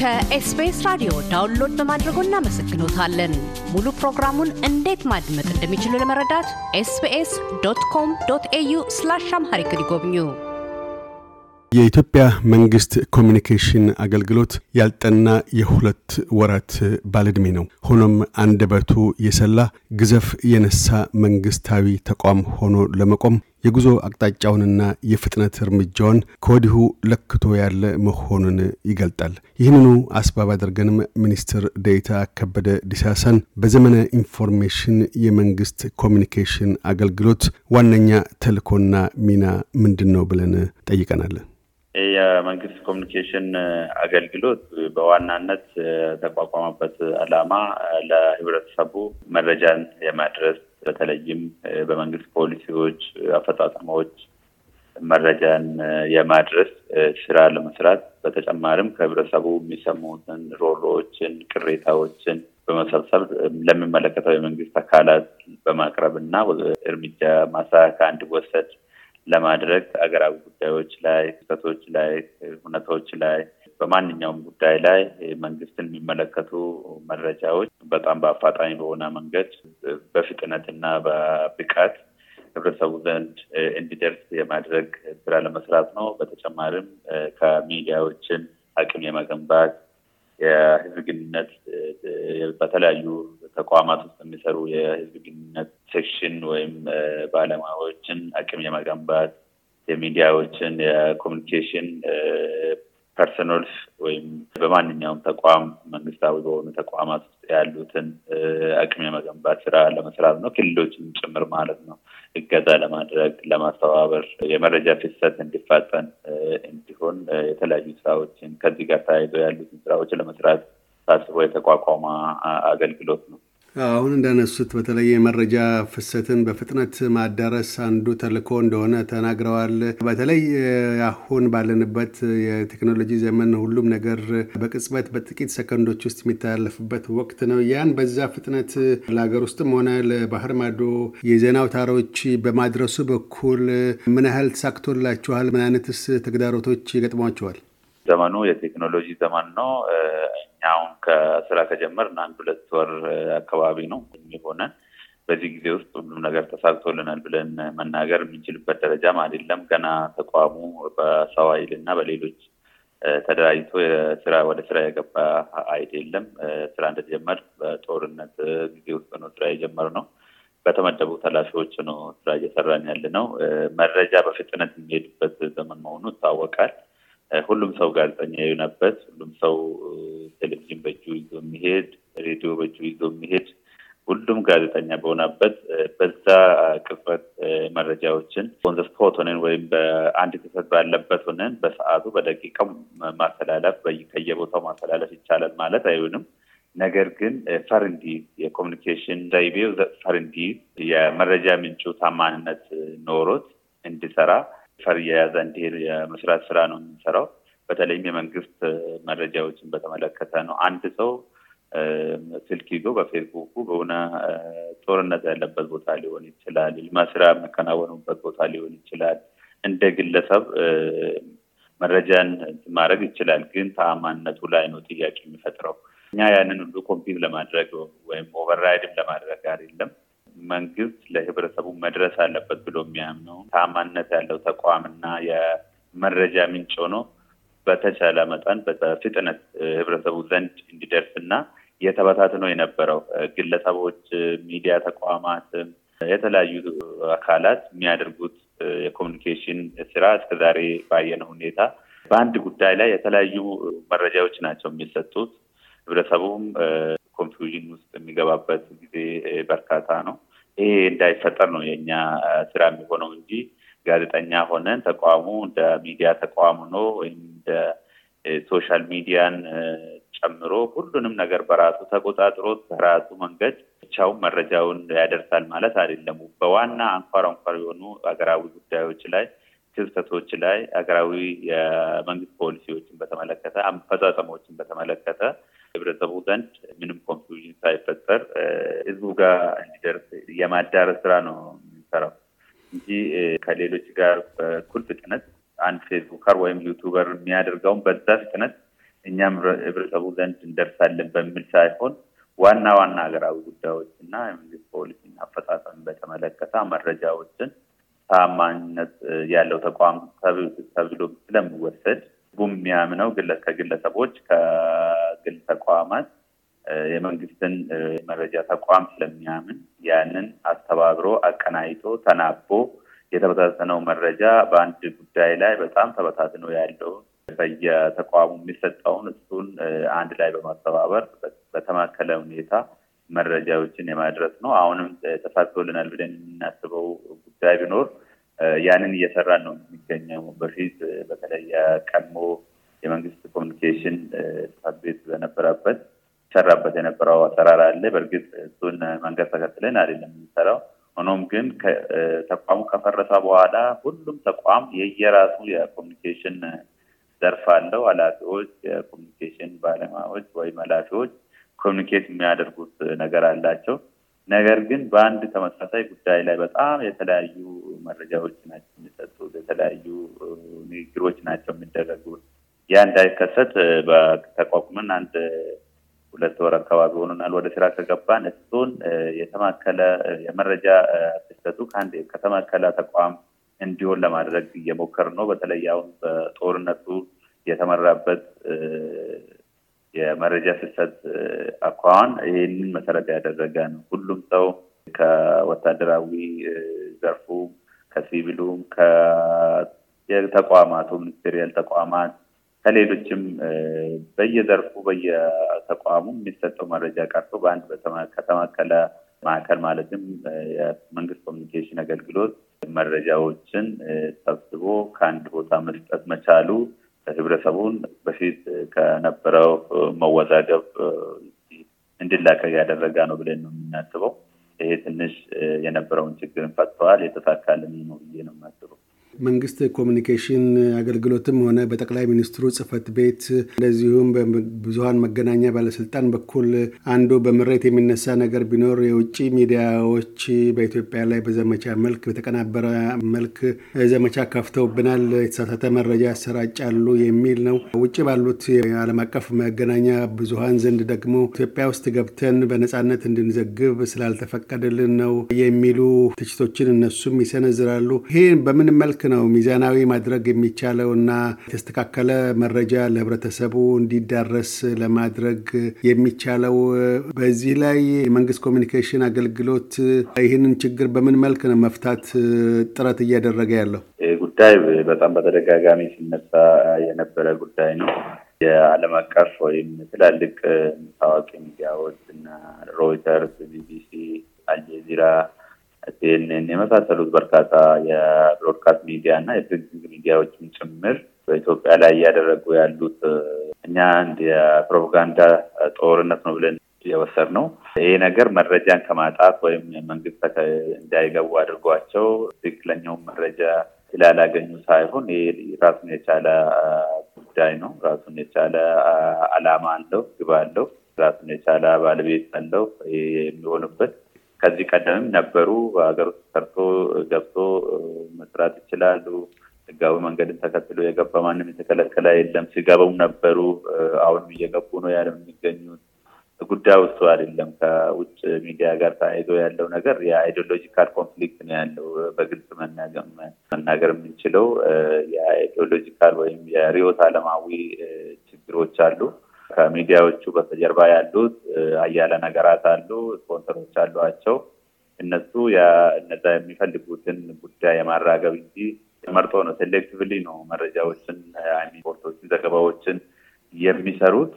ከኤስቢኤስ ራዲዮ ዳውንሎድ በማድረጎ እናመሰግኖታለን። ሙሉ ፕሮግራሙን እንዴት ማድመጥ እንደሚችሉ ለመረዳት ኤስቢኤስ ዶት ኮም ዶት ኤዩ ስላሽ አምሃሪክ ይጎብኙ። የኢትዮጵያ መንግስት ኮሚኒኬሽን አገልግሎት ያልጠና የሁለት ወራት ባለዕድሜ ነው። ሆኖም አንደበቱ የሰላ ግዘፍ የነሳ መንግስታዊ ተቋም ሆኖ ለመቆም የጉዞ አቅጣጫውንና የፍጥነት እርምጃውን ከወዲሁ ለክቶ ያለ መሆኑን ይገልጣል። ይህንኑ አስባብ አድርገንም ሚኒስትር ዴታ ከበደ ዲሳሳን በዘመነ ኢንፎርሜሽን የመንግስት ኮሚኒኬሽን አገልግሎት ዋነኛ ተልኮና ሚና ምንድን ነው ብለን ጠይቀናል። የመንግስት ኮሚኒኬሽን አገልግሎት በዋናነት ተቋቋመበት ዓላማ ለህብረተሰቡ መረጃን የማድረስ በተለይም በመንግስት ፖሊሲዎች አፈጻጸሞች መረጃን የማድረስ ስራ ለመስራት በተጨማሪም ከህብረተሰቡ የሚሰሙትን ሮሮዎችን፣ ቅሬታዎችን በመሰብሰብ ለሚመለከተው የመንግስት አካላት በማቅረብ እና እርምጃ ማሳካ እንዲወሰድ ለማድረግ አገራዊ ጉዳዮች ላይ፣ ክስተቶች ላይ፣ ሁነቶች ላይ በማንኛውም ጉዳይ ላይ መንግስትን የሚመለከቱ መረጃዎች በጣም በአፋጣኝ በሆነ መንገድ በፍጥነት በብቃት ህብረተሰቡ ዘንድ እንዲደርስ የማድረግ ስራ ለመስራት ነው። በተጨማሪም ከሚዲያዎችን አቅም የመገንባት የህዝብ ግንኙነት በተለያዩ ተቋማት ውስጥ የሚሰሩ የህዝብ ሴክሽን ወይም ባለሙያዎችን አቅም የመገንባት የሚዲያዎችን የኮሚኒኬሽን ፐርሰኖልስ ወይም በማንኛውም ተቋም መንግስታዊ በሆኑ ተቋማት ውስጥ ያሉትን አቅም የመገንባት ስራ ለመስራት ነው። ክልሎችን ጭምር ማለት ነው። እገዛ ለማድረግ ለማስተባበር፣ የመረጃ ፍሰት እንዲፋጠን እንዲሆን የተለያዩ ስራዎችን ከዚህ ጋር ተያይዞ ያሉትን ስራዎች ለመስራት ታስቦ የተቋቋመ አገልግሎት ነው። አሁን እንዳነሱት በተለይ የመረጃ ፍሰትን በፍጥነት ማዳረስ አንዱ ተልእኮ እንደሆነ ተናግረዋል። በተለይ አሁን ባለንበት የቴክኖሎጂ ዘመን ሁሉም ነገር በቅጽበት በጥቂት ሰከንዶች ውስጥ የሚተላለፍበት ወቅት ነው። ያን በዛ ፍጥነት ለሀገር ውስጥም ሆነ ለባህር ማዶ የዜና አውታሮች በማድረሱ በኩል ምን ያህል ተሳክቶላችኋል? ምን አይነትስ ተግዳሮቶች ይገጥሟችኋል? ዘመኑ የቴክኖሎጂ ዘመን ነው። እኛ አሁን ከስራ ከጀመርን አንድ ሁለት ወር አካባቢ ነው የሚሆነን። በዚህ ጊዜ ውስጥ ሁሉም ነገር ተሳክቶልናል ብለን መናገር የምንችልበት ደረጃም አይደለም። ገና ተቋሙ በሰው ኃይል እና በሌሎች ተደራጅቶ ስራ ወደ ስራ የገባ አይደለም። ስራ እንደተጀመር በጦርነት ጊዜ ውስጥ ነው ስራ ነው። በተመደቡ ተላፊዎች ነው ስራ እየሰራን ያለ ነው። መረጃ በፍጥነት የሚሄድበት ዘመን መሆኑ ይታወቃል። ሁሉም ሰው ጋዜጠኛ የሆነበት ሁሉም ሰው ቴሌቪዥን በእጁ ይዞ የሚሄድ ሬዲዮ በእጁ ይዞ የሚሄድ ሁሉም ጋዜጠኛ በሆነበት በዛ ቅጽበት መረጃዎችን ኦንዘ ሆነን ወይም በአንድ ክስተት ባለበት ሆነን በሰዓቱ በደቂቃው ማስተላለፍ ከየቦታው ማስተላለፍ ይቻላል ማለት አይሆንም። ነገር ግን ፈርንዲ የኮሚኒኬሽን ዘይቤው ፈርንዲ የመረጃ ምንጩ ታማንነት ኖሮት እንዲሰራ ፈር እየያዘ እንዲሄድ የመስራት ስራ ነው የምንሰራው። በተለይም የመንግስት መረጃዎችን በተመለከተ ነው። አንድ ሰው ስልክ ይዞ በፌስቡኩ በሆነ ጦርነት ያለበት ቦታ ሊሆን ይችላል፣ ስራ የሚከናወኑበት ቦታ ሊሆን ይችላል። እንደ ግለሰብ መረጃን ማድረግ ይችላል፣ ግን ተአማንነቱ ላይ ነው ጥያቄ የሚፈጥረው። እኛ ያንን ሁሉ ኮምፒት ለማድረግ ወይም ኦቨርራይድም ለማድረግ አይደለም መንግስት ለህብረተሰቡ መድረስ አለበት ብሎ የሚያምነው ታማነት ያለው ተቋምና የመረጃ ምንጭ ሆኖ በተቻለ መጠን በፍጥነት ህብረተሰቡ ዘንድ እንዲደርስና የተበታትኖ የነበረው ግለሰቦች፣ ሚዲያ ተቋማት፣ የተለያዩ አካላት የሚያደርጉት የኮሚኒኬሽን ስራ እስከዛሬ ባየነው ሁኔታ በአንድ ጉዳይ ላይ የተለያዩ መረጃዎች ናቸው የሚሰጡት። ህብረተሰቡም ኮንፊውዥን ውስጥ የሚገባበት ጊዜ በርካታ ነው። ይሄ እንዳይፈጠር ነው የእኛ ስራ የሚሆነው እንጂ ጋዜጠኛ ሆነን ተቋሙ እንደ ሚዲያ ተቋም ነው ወይም እንደ ሶሻል ሚዲያን ጨምሮ ሁሉንም ነገር በራሱ ተቆጣጥሮ በራሱ መንገድ ብቻውን መረጃውን ያደርሳል ማለት አይደለም። በዋና አንኳር አንኳር የሆኑ ሀገራዊ ጉዳዮች ላይ ክስተቶች ላይ ሀገራዊ የመንግስት ፖሊሲዎችን በተመለከተ አፈጻጸሞችን በተመለከተ ህብረተሰቡ ዘንድ ምንም ኮንፊውዥን ሳይፈጠር ህዝቡ ጋር እንዲደርስ የማዳረስ ስራ ነው የሚሰራው እንጂ ከሌሎች ጋር በኩል ፍጥነት አንድ ፌስቡከር ወይም ዩቱበር የሚያደርገውን በዛ ፍጥነት እኛም ህብረተሰቡ ዘንድ እንደርሳለን በሚል ሳይሆን ዋና ዋና ሀገራዊ ጉዳዮች እና የመንግስት ፖሊሲ አፈጻጸም በተመለከተ መረጃዎችን ታማኝነት ያለው ተቋም ተብሎ ስለሚወሰድ ቡም የሚያምነው ከግለሰቦች ግን ተቋማት የመንግስትን መረጃ ተቋም ስለሚያምን ያንን አስተባብሮ አቀናይቶ ተናቦ የተበታተነው መረጃ በአንድ ጉዳይ ላይ በጣም ተበታትኖ ያለውን በየተቋሙ የሚሰጠውን እሱን አንድ ላይ በማስተባበር በተማከለ ሁኔታ መረጃዎችን የማድረስ ነው። አሁንም ተሳክቶልናል ብለን የምናስበው ጉዳይ ቢኖር ያንን እየሰራን ነው የሚገኘው። በፊት በተለይ ቀድሞ የመንግስት ኮሚኒኬሽን ቤት በነበረበት ይሰራበት የነበረው አሰራር አለ። በእርግጥ እሱን መንገድ ተከትለን አይደለም የሚሰራው። ሆኖም ግን ተቋሙ ከፈረሰ በኋላ ሁሉም ተቋም የየራሱ የኮሚኒኬሽን ዘርፍ አለው። ኃላፊዎች፣ የኮሚኒኬሽን ባለሙያዎች ወይም ኃላፊዎች ኮሚኒኬት የሚያደርጉት ነገር አላቸው። ነገር ግን በአንድ ተመሳሳይ ጉዳይ ላይ በጣም የተለያዩ መረጃዎች ናቸው የሚሰጡት፣ የተለያዩ ንግግሮች ናቸው የሚደረጉት። ያ እንዳይከሰት ተቋቁመን አንድ ሁለት ወር አካባቢ ሆኖናል። ወደ ስራ ከገባን እሱን የተማከለ የመረጃ ክስተቱ ከአንድ ከተማከለ ተቋም እንዲሆን ለማድረግ እየሞከር ነው። በተለይ አሁን በጦርነቱ የተመራበት የመረጃ ፍሰት አኳኋን ይህንን መሰረት ያደረገ ነው። ሁሉም ሰው ከወታደራዊ ዘርፉ ከሲቪሉም ከተቋማቱ ሚኒስቴሪያል ተቋማት ከሌሎችም በየዘርፉ በየተቋሙ የሚሰጠው መረጃ ቀርቶ በአንድ ከተማከለ ማዕከል ማለትም የመንግስት ኮሚኒኬሽን አገልግሎት መረጃዎችን ሰብስቦ ከአንድ ቦታ መስጠት መቻሉ ህብረተሰቡን በፊት ከነበረው መወዛገብ እንዲላቀቅ ያደረጋ ነው ብለን ነው የምናስበው። ይሄ ትንሽ የነበረውን ችግርን ፈጥተዋል። የተሳካልን ነው ብዬ ነው የማስበው። መንግስት ኮሚኒኬሽን አገልግሎትም ሆነ በጠቅላይ ሚኒስትሩ ጽህፈት ቤት እንደዚሁም በብዙሀን መገናኛ ባለስልጣን በኩል አንዱ በምሬት የሚነሳ ነገር ቢኖር የውጭ ሚዲያዎች በኢትዮጵያ ላይ በዘመቻ መልክ በተቀናበረ መልክ ዘመቻ ከፍተውብናል፣ የተሳሳተ መረጃ ያሰራጫሉ የሚል ነው። ውጭ ባሉት የዓለም አቀፍ መገናኛ ብዙሀን ዘንድ ደግሞ ኢትዮጵያ ውስጥ ገብተን በነጻነት እንድንዘግብ ስላልተፈቀደልን ነው የሚሉ ትችቶችን እነሱም ይሰነዝራሉ። ይሄ በምን መልክ ነው ሚዛናዊ ማድረግ የሚቻለው እና የተስተካከለ መረጃ ለህብረተሰቡ እንዲዳረስ ለማድረግ የሚቻለው? በዚህ ላይ የመንግስት ኮሚኒኬሽን አገልግሎት ይህንን ችግር በምን መልክ ነው መፍታት ጥረት እያደረገ ያለው? ይህ ጉዳይ በጣም በተደጋጋሚ ሲነሳ የነበረ ጉዳይ ነው። የዓለም አቀፍ ወይም ትላልቅ ታዋቂ ሚዲያዎች እና ሮይተርስ፣ ቢቢሲ፣ አልጀዚራ ሲኤንኤን የመሳሰሉት በርካታ የብሮድካስት ሚዲያ እና የፕሪንቲንግ ሚዲያዎችን ጭምር በኢትዮጵያ ላይ እያደረጉ ያሉት እኛ አንድ የፕሮፓጋንዳ ጦርነት ነው ብለን ነው። ይሄ ነገር መረጃን ከማጣት ወይም መንግስት እንዳይገቡ አድርጓቸው ትክክለኛውን መረጃ ስላላገኙ ሳይሆን ራሱን የቻለ ጉዳይ ነው። ራሱን የቻለ አላማ አለው፣ ግብ አለው፣ ራሱን የቻለ ባለቤት አለው የሚሆንበት ከዚህ ቀደምም ነበሩ። በሀገር ውስጥ ሰርቶ ገብቶ መስራት ይችላሉ። ህጋዊ መንገድን ተከትሎ የገባ ማንም የተከለከለ የለም። ሲገቡም ነበሩ። አሁንም እየገቡ ነው ያለ የሚገኙት ጉዳይ ውስጡ አይደለም። ከውጭ ሚዲያ ጋር ተያይዞ ያለው ነገር የአይዲዮሎጂካል ኮንፍሊክት ነው ያለው። በግልጽ መናገር የምንችለው የአይዲዮሎጂካል ወይም የርዕዮተ ዓለማዊ ችግሮች አሉ። ከሚዲያዎቹ በስተጀርባ ያሉት አያለ ነገራት አሉ፣ ስፖንሰሮች አሏቸው። እነሱ እነዛ የሚፈልጉትን ጉዳይ የማራገብ እንጂ መርጦ ነው ሴሌክቲቭሊ ነው መረጃዎችን ሪፖርቶችን፣ ዘገባዎችን የሚሰሩት።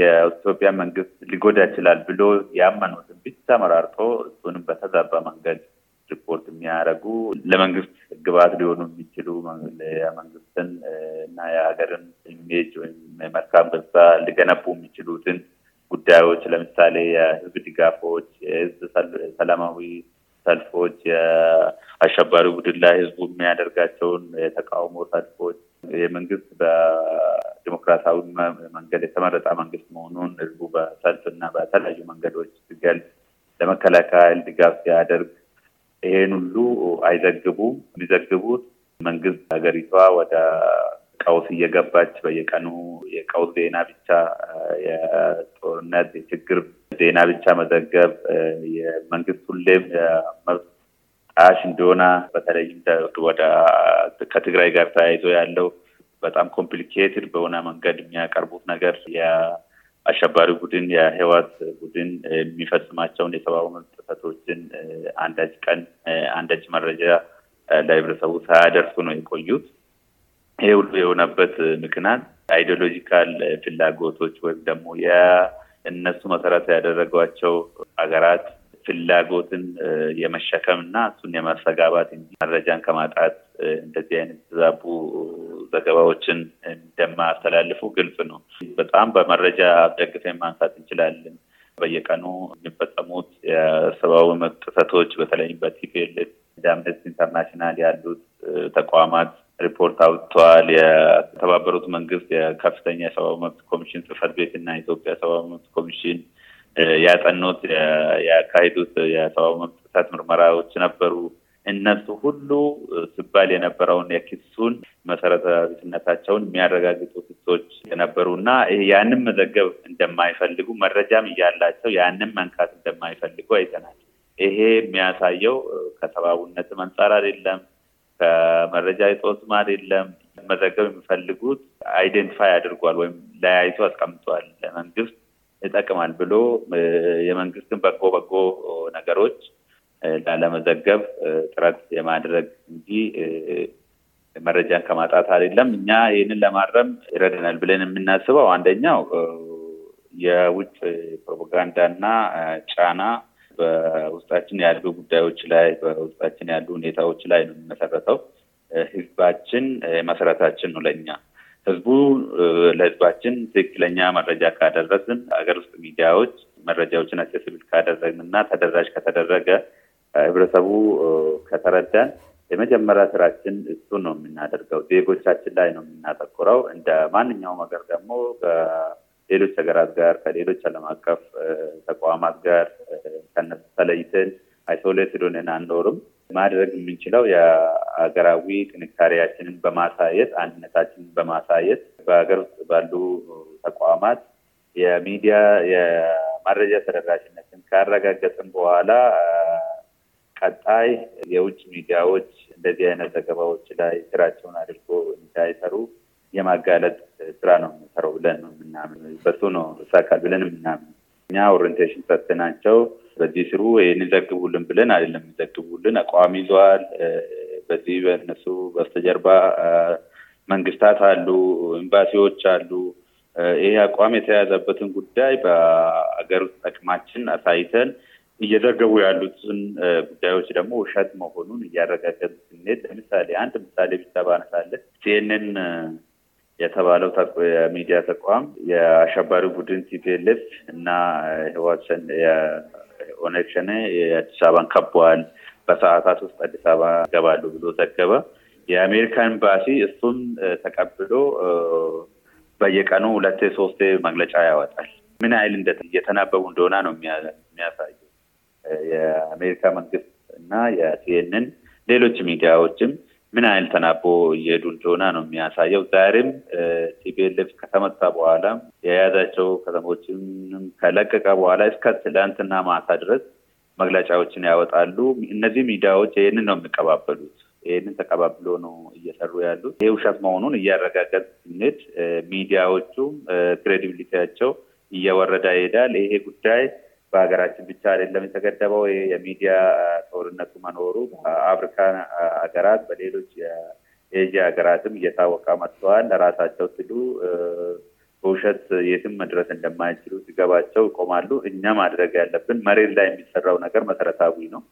የኢትዮጵያ መንግስት ሊጎዳ ይችላል ብሎ ያመኑትን ብቻ መራርጦ እሱንም በተዛባ መንገድ ሪፖርት የሚያደርጉ ለመንግስት ግብዓት ሊሆኑ የሚችሉ የመንግስትን እና የሀገርን ኢሜጅ ወይም መልካም ገጽታ ሊገነቡ የሚችሉትን ጉዳዮች ለምሳሌ የህዝብ ድጋፎች፣ የህዝብ ሰላማዊ ሰልፎች፣ የአሸባሪ ቡድን ላይ ህዝቡ የሚያደርጋቸውን የተቃውሞ ሰልፎች የመንግስት በዲሞክራሲያዊ መንገድ የተመረጠ መንግስት መሆኑን ህዝቡ በሰልፍ እና በተለያዩ መንገዶች ሲገልጽ ለመከላከያ ድጋፍ ሲያደርግ ይሄን ሁሉ አይዘግቡም። የሚዘግቡት መንግስት ሀገሪቷ ወደ ቀውስ እየገባች በየቀኑ የቀውስ ዜና ብቻ የጦርነት የችግር ዜና ብቻ መዘገብ የመንግስት ሁሌም መብት ጣሽ እንደሆነ በተለይም ወደ ከትግራይ ጋር ተያይዞ ያለው በጣም ኮምፕሊኬትድ በሆነ መንገድ የሚያቀርቡት ነገር አሸባሪ ቡድን የህወሓት ቡድን የሚፈጽማቸውን የሰብአዊ መብት ጥሰቶችን አንዳች ቀን አንዳች መረጃ ለህብረተሰቡ ሳያደርሱ ነው የቆዩት። ይህ ሁሉ የሆነበት ምክንያት አይዲዮሎጂካል ፍላጎቶች ወይም ደግሞ የእነሱ መሰረት ያደረጓቸው ሀገራት ፍላጎትን የመሸከም እና እሱን የመሰጋባት እንጂ መረጃን ከማጣት እንደዚህ አይነት የተዛቡ ዘገባዎችን እንደማያስተላልፉ ግልጽ ነው። በጣም በመረጃ ደግፈን ማንሳት እንችላለን። በየቀኑ የሚፈጸሙት የሰብአዊ መብት ጥሰቶች በተለይም በቲፒኤልኤፍ እንደ አምነስቲ ኢንተርናሽናል ያሉት ተቋማት ሪፖርት አውጥተዋል። የተባበሩት መንግስት የከፍተኛ የሰብአዊ መብት ኮሚሽን ጽህፈት ቤት እና የኢትዮጵያ ሰብአዊ መብት ኮሚሽን ያጠኑት ያካሂዱት የሰብአዊ መብት ጥሰት ምርመራዎች ነበሩ። እነሱ ሁሉ ሲባል የነበረውን የክሱን መሰረተ ቢስነታቸውን የሚያረጋግጡ ክሶች የነበሩ እና ያንን መዘገብ እንደማይፈልጉ መረጃም እያላቸው ያንን መንካት እንደማይፈልጉ አይተናል። ይሄ የሚያሳየው ከሰብአዊነትም አንጻር አይደለም፣ ከመረጃ እጦትም አይደለም። መዘገብ የሚፈልጉት አይዴንቲፋይ አድርጓል ወይም ለያይቶ አስቀምጧል። ለመንግስት ይጠቅማል ብሎ የመንግስትን በጎ በጎ ነገሮች ላለመዘገብ ጥረት የማድረግ እንጂ መረጃን ከማጣት አይደለም። እኛ ይህንን ለማረም ይረደናል ብለን የምናስበው አንደኛው የውጭ ፕሮፓጋንዳና ጫና በውስጣችን ያሉ ጉዳዮች ላይ በውስጣችን ያሉ ሁኔታዎች ላይ ነው የሚመሰረተው። ህዝባችን መሰረታችን ነው ለእኛ ህዝቡ ለህዝባችን ትክክለኛ መረጃ ካደረስን ሀገር ውስጥ ሚዲያዎች መረጃዎችን አክሴስብል ካደረግን እና ተደራሽ ከተደረገ ህብረተሰቡ ከተረዳን የመጀመሪያ ስራችን እሱ ነው የምናደርገው። ዜጎቻችን ላይ ነው የምናተኩረው። እንደ ማንኛውም ሀገር ደግሞ ከሌሎች ሀገራት ጋር ከሌሎች ዓለም አቀፍ ተቋማት ጋር ከነሱ ተለይተን አይሶሌትድ ሆነን አንኖርም። ማድረግ የምንችለው የሀገራዊ ጥንካሬያችንን በማሳየት አንድነታችንን በማሳየት በሀገር ውስጥ ባሉ ተቋማት የሚዲያ የመረጃ ተደራሽነትን ካረጋገጥን በኋላ ቀጣይ የውጭ ሚዲያዎች እንደዚህ አይነት ዘገባዎች ላይ ስራቸውን አድርጎ እንዳይሰሩ የማጋለጥ ስራ ነው የምንሰራው ብለን ነው የምናምን። በሱ ነው እሳካል ብለን የምናምን እኛ ኦሪንቴሽን ሰጥተናቸው በዚህ ስሩ ይህን ዘግቡልን ብለን አይደለም ዘግቡልን አቋም ይዘዋል። በዚህ በእነሱ በስተጀርባ መንግስታት አሉ፣ ኤምባሲዎች አሉ። ይሄ አቋም የተያዘበትን ጉዳይ በአገር ጠቅማችን አሳይተን እየዘገቡ ያሉትን ጉዳዮች ደግሞ ውሸት መሆኑን እያረጋገጥ ስንሄድ ለምሳሌ አንድ ምሳሌ ብቻ ባነሳለን ሲኤንኤን የተባለው የሚዲያ ተቋም የአሸባሪ ቡድን ቲፒኤልኤፍ እና ህዋሰን የኦነግ ሸኔ የአዲስ አበባን ከበዋል፣ በሰዓታት ውስጥ አዲስ አበባ ይገባሉ ብሎ ዘገበ። የአሜሪካ ኤምባሲ እሱን ተቀብሎ በየቀኑ ሁለቴ ሶስቴ መግለጫ ያወጣል። ምን ያህል እየተናበቡ እንደሆነ ነው የሚያሳየው። የአሜሪካ መንግስት እና የሲኤንን ሌሎች ሚዲያዎችም ምን ያህል ተናቦ እየሄዱ እንደሆነ ነው የሚያሳየው። ዛሬም ቲፒኤልኤፍ ከተመታ በኋላ የያዛቸው ከተሞችንም ከለቀቀ በኋላ እስከ ትላንትና ማታ ድረስ መግለጫዎችን ያወጣሉ። እነዚህ ሚዲያዎች ይህንን ነው የሚቀባበሉት። ይህንን ተቀባብሎ ነው እየሰሩ ያሉት። ይህ ውሸት መሆኑን እያረጋገጥ ስንሄድ ሚዲያዎቹም ክሬዲቢሊቲያቸው እየወረዳ ይሄዳል። ይሄ ጉዳይ በሀገራችን ብቻ አይደለም የተገደበው። የሚዲያ ጦርነቱ መኖሩ በአፍሪካ ሀገራት፣ በሌሎች የኤዥያ ሀገራትም እየታወቀ መጥተዋል። ለራሳቸው ስሉ በውሸት የትም መድረስ እንደማይችሉ ሲገባቸው ይቆማሉ። እኛ ማድረግ ያለብን መሬት ላይ የሚሰራው ነገር መሰረታዊ ነው።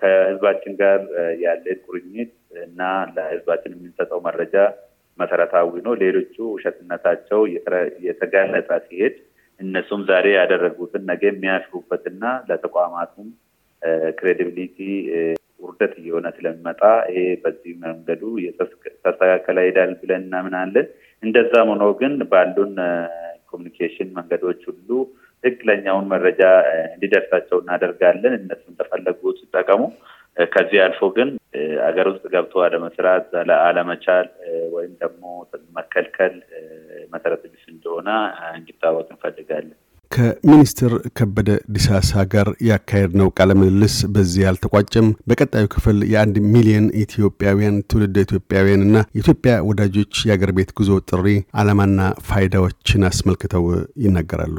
ከህዝባችን ጋር ያለ ቁርኝት እና ለህዝባችን የምንሰጠው መረጃ መሰረታዊ ነው። ሌሎቹ ውሸትነታቸው የተጋለጠ ሲሄድ እነሱም ዛሬ ያደረጉትን ነገ የሚያስቡበትና ለተቋማቱም ክሬዲቢሊቲ ውርደት እየሆነ ስለሚመጣ ይሄ በዚህ መንገዱ ተስተካከለ ሄዳል ብለን እናምናለን። እንደዛም ሆኖ ግን ባሉን ኮሚኒኬሽን መንገዶች ሁሉ ትክክለኛውን መረጃ እንዲደርሳቸው እናደርጋለን። እነሱ እንደፈለጉ ሲጠቀሙ ከዚህ አልፎ ግን አገር ውስጥ ገብቶ አለመስራት፣ አለመቻል ወይም ደግሞ መከልከል መሰረተ ቢስ እንደሆነ እንዲታወቅ እንፈልጋለን። ከሚኒስትር ከበደ ዲሳሳ ጋር ያካሄድ ነው ቃለ ምልልስ በዚህ አልተቋጨም። በቀጣዩ ክፍል የአንድ ሚሊዮን ኢትዮጵያውያን ትውልደ ኢትዮጵያውያንና የኢትዮጵያ ወዳጆች የአገር ቤት ጉዞ ጥሪ ዓላማና ፋይዳዎችን አስመልክተው ይናገራሉ።